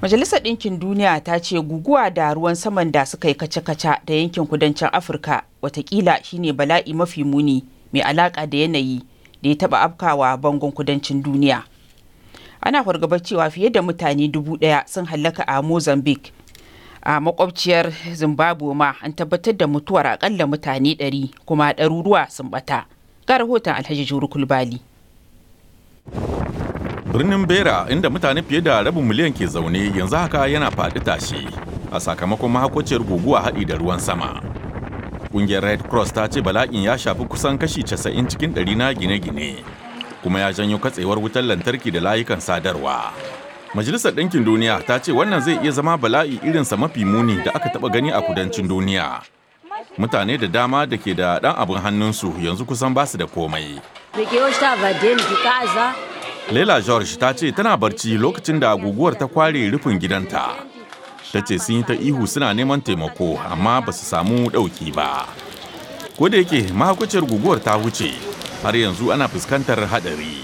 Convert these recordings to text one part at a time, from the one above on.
Majalisar Ɗinkin Duniya ta ce guguwa da ruwan saman da suka yi kace-kace da yankin kudancin Afirka watakila shine bala'i mafi muni mai alaƙa da yanayi da ya taɓa afkawa bangon kudancin duniya. Ana fargaba cewa fiye da mutane dubu ɗaya sun hallaka a Mozambique. A makwabciyar Zimbabwe ma an tabbatar da mutuwar akalla mutane ɗari kuma ɗaruruwa sun ɓata. Ga rahoton Alhaji Juru Kulbali. birnin bera inda mutane fiye da rabin miliyan ke zaune yanzu haka yana faɗi tashi a sakamakon mahakociyar guguwa haɗi da ruwan sama ƙungiyar red cross ta ce bala'in ya shafi kusan kashi casa'in cikin ɗari na gine-gine kuma ya janyo katsewar wutar lantarki da layukan sadarwa majalisar ɗinkin duniya ta ce wannan zai iya zama bala'i irinsa mafi muni da aka taɓa gani a kudancin duniya mutane da dama da ke da ɗan abin hannunsu yanzu kusan ba su da komai Laila George ta ce tana barci lokacin da guguwar ta kware rufin gidanta. Ta ce sun yi ta ihu suna neman taimako amma ba su samu ɗauki ba. Ko da yake mahaukaciyar guguwar ta wuce har yanzu ana fuskantar haɗari.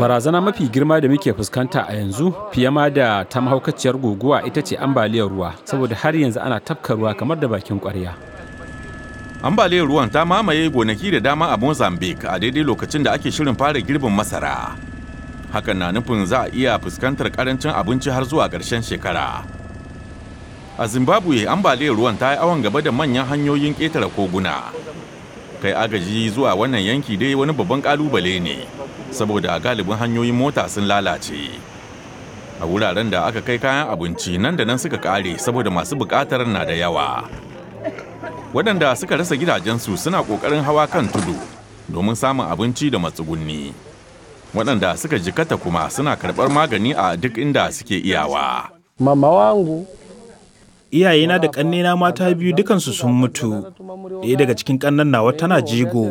Barazana mafi girma da muke fuskanta a yanzu fiye ma da ta mahaukaciyar guguwa ita ce ambaliyar ruwa saboda har yanzu ana tafka ruwa kamar da bakin kwarya. ambaliyar ruwan ta mamaye gonaki da dama a mozambique a daidai lokacin da ake shirin fara girbin masara hakan na nufin za a iya fuskantar karancin abinci har zuwa karshen shekara a zimbabwe ambaliyar ruwan ta yi awon gaba da manyan hanyoyin ƙetare koguna kai agaji zuwa wannan yanki dai wani babban kalubale ne saboda galibin hanyoyin mota sun lalace a wuraren da aka kai kayan abinci nan da nan suka kare saboda masu bukatar na da yawa waɗanda suka rasa gidajensu suna ƙoƙarin hawa kan tudu domin samun abinci da matsugunni waɗanda suka jikata kuma suna karbar magani a duk inda suke iyawa mama wangu iyayena da ƙannena mata biyu dukansu sun mutu ɗaya daga cikin ƙannan nawa tana jigo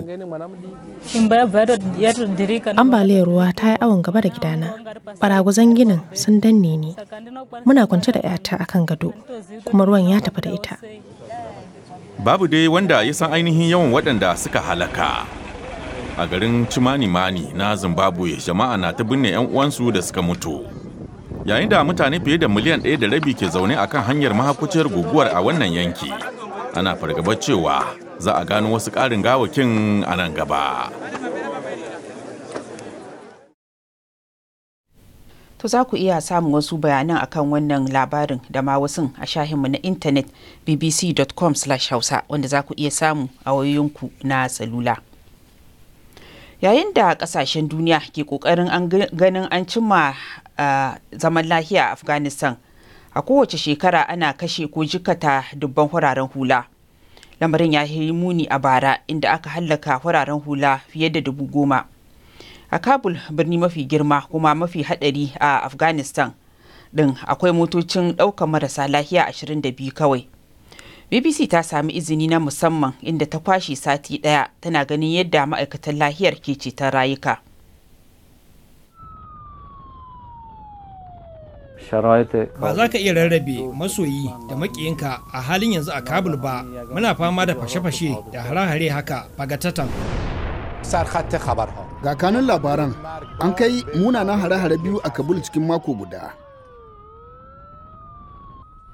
ambaliyar ruwa ta yi awon gaba da gidana baragwazon ginin sun danne ne muna kwance da 'yata akan gado kuma ruwan ya tafi da ita babu dai wanda ya san ainihin yawan waɗanda suka halaka a garin Tumani-Mani na Zimbabwe jama'a na ta binne 'yan uwansu da suka mutu yayin da mutane fiye da miliyan ɗaya da rabi ke zaune a kan hanyar mahakuciyar guguwar a wannan yanki ana fargabar cewa za a gano wasu ƙarin gawakin a nan gaba. To za ku iya samun wasu bayanan akan wannan labarin da ma wasu a shahinmu na intanet bbc.com hausa wanda za ku iya samu a wayoyinku na salula. Yayin da kasashen duniya ke kokarin ganin an cimma zaman lahiya a Afghanistan, a kowace shekara ana kashe ko jikata dubban huraren hula. Lamarin ya yi muni a bara inda aka hallaka huraren hula fiye da dubu goma. a kabul birni mafi girma kuma mafi hadari a afghanistan din akwai motocin ɗaukar marasa lafiya 22 kawai bbc ta sami izini na musamman inda ta kwashe sati daya tana ganin yadda ma'aikatan lahiyar ke ceton rayuka ba za ka iya rarrabe masoyi da makiyinka a halin yanzu a kabul ba muna fama da fashe-fashe da hare-hare haka bagatatan. Ga kanun labaran, an kai munanan hare-hare biyu a Kabul cikin mako guda.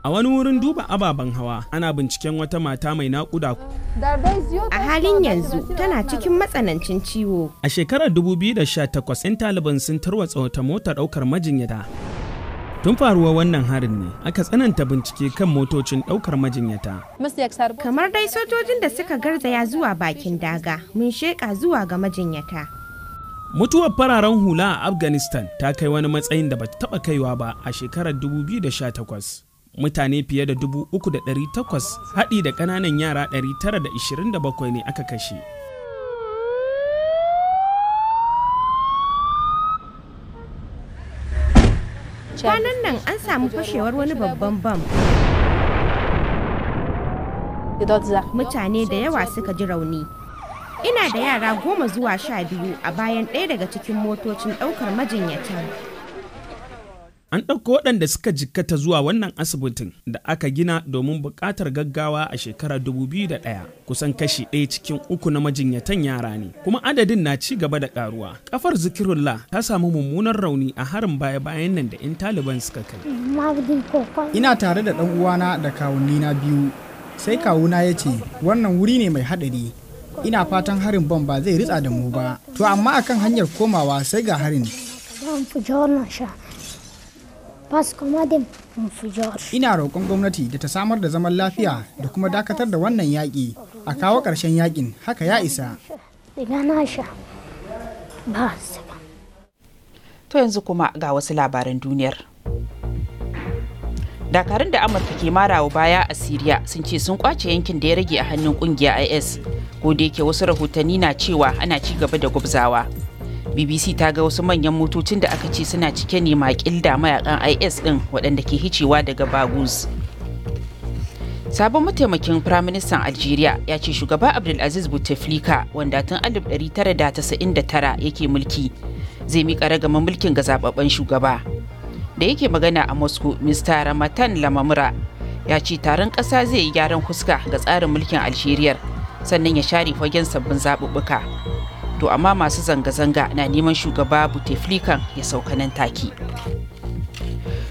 A wani wurin duba ababen hawa ana binciken wata mata mai naƙuda. A halin yanzu tana cikin matsanancin ciwo. A shekarar 2018 'yan taliban sun tarwatsa wata mota ɗaukar majinyata. Tun faruwa wannan harin ne aka tsananta bincike kan motocin ɗaukar majinyata. Kamar dai sojojin da suka garzaya zuwa bakin daga mun sheka zuwa ga majinyata. mutuwar fararen hula a afghanistan ta kai wani matsayin da bata taba kaiwa ba a shekarar 2018 mutane fiye da 3,800 haɗi da ƙananan yara 927 ne aka kashe kwanan nan an samu fashewar wani babban bam mutane da yawa suka ji rauni ina da yara goma zuwa sha biyu a bayan ɗaya daga cikin motocin ɗaukar majinyatan. An ɗauko waɗanda suka jikkata zuwa wannan asibitin da aka gina domin buƙatar gaggawa a shekarar ɗaya kusan kashi ɗaya cikin uku na majinyatan yara ne kuma adadin na ci gaba da ƙaruwa. ƙafar zikirullah ta samu mummunan rauni a harin baya-bayan nan da in taliban suka kai. Ina tare da ɗan uwana da kawunnina biyu sai kawuna ya ce wannan wuri ne mai haɗari ina fatan harin bom ba zai ritsa da mu ba to amma akan hanyar komawa sai ga harin ina roƙon gwamnati da ta samar da zaman lafiya da kuma dakatar da wannan yaƙi a kawo ƙarshen yaƙin haka ya isa to yanzu kuma ga wasu labaran duniyar dakarun da amurka ke marawa baya a siriya sun ce sun kwace yankin da ya rage a hannun kungiyar is ko yake wasu rahotanni na cewa ana ci gaba da gwabzawa bbc ta ga wasu manyan motocin da aka ce suna cike ne makil da mayakan is din waɗanda ke hicewa daga bagus sabon mataimakin firaministan algeria ya ce shugaba abdulaziz bouteflika wanda tun 1999 yake mulki zai miƙa ragaman mulkin ga zababben shugaba da yake magana a moscow mr ramatan lamamura ya ce taron ƙasa zai yi gyaran huska ga tsarin mulkin algeria sannan ya share fagen sabbin zaɓuɓɓuka to amma masu zanga-zanga na neman shugaba Bouteflikan ya sauka nan take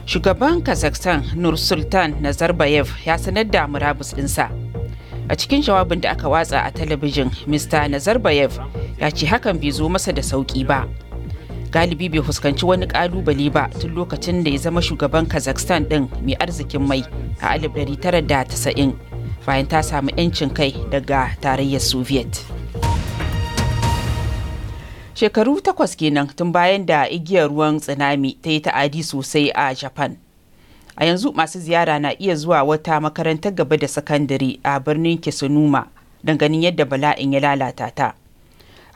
shugaban kazakhstan NurSultan nazarbayev ya sanar da murabus ɗinsa a cikin jawabin da aka watsa a talabijin mr nazarbayev ya ce hakan bai zo masa da sauƙi ba galibi bai fuskanci wani ƙalubale ba tun lokacin da ya zama shugaban kazakhstan ɗin mai arzikin mai a 1990 bayan ta samu 'yancin kai daga tarayyar soviet shekaru takwas kenan tun bayan da igiyar ruwan tsunami ta yi ta'adi sosai a japan a yanzu masu ziyara na iya zuwa wata makarantar gaba da sakandare a birnin kisunuma don ganin yadda bala'in ya lalata ta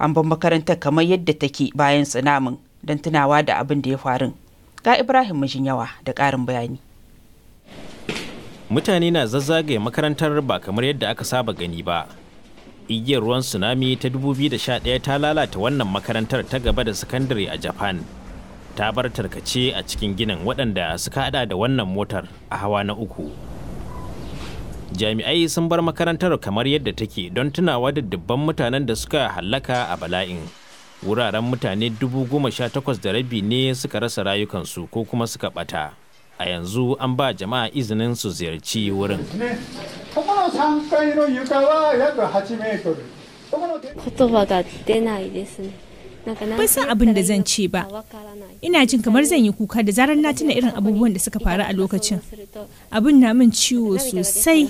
an ban makarantar kamar yadda take bayan tsunamin don tunawa da abin da ya faru ga ibrahim mijin yawa da ƙarin bayani mutane na zazzagaye makarantar ba kamar yadda aka saba gani ba igiyar ruwan tsunami ta 2011 ta lalata wannan makarantar ta gaba da sakandare a japan ta bar tarkace a cikin ginin waɗanda suka hada da wannan motar a hawa na uku jami'ai sun bar makarantar kamar yadda take don tunawa da dubban mutanen da suka hallaka a bala'in wuraren mutane dubu goma da rabi ne suka rasa rayukansu ko kuma suka ɓata. a yanzu an ba jama'a izinin su ziyarci wurin ban san abin da zan ce ba ina jin kamar zan yi kuka da zarar na tuna irin abubuwan da suka faru a lokacin abin na min ciwo sosai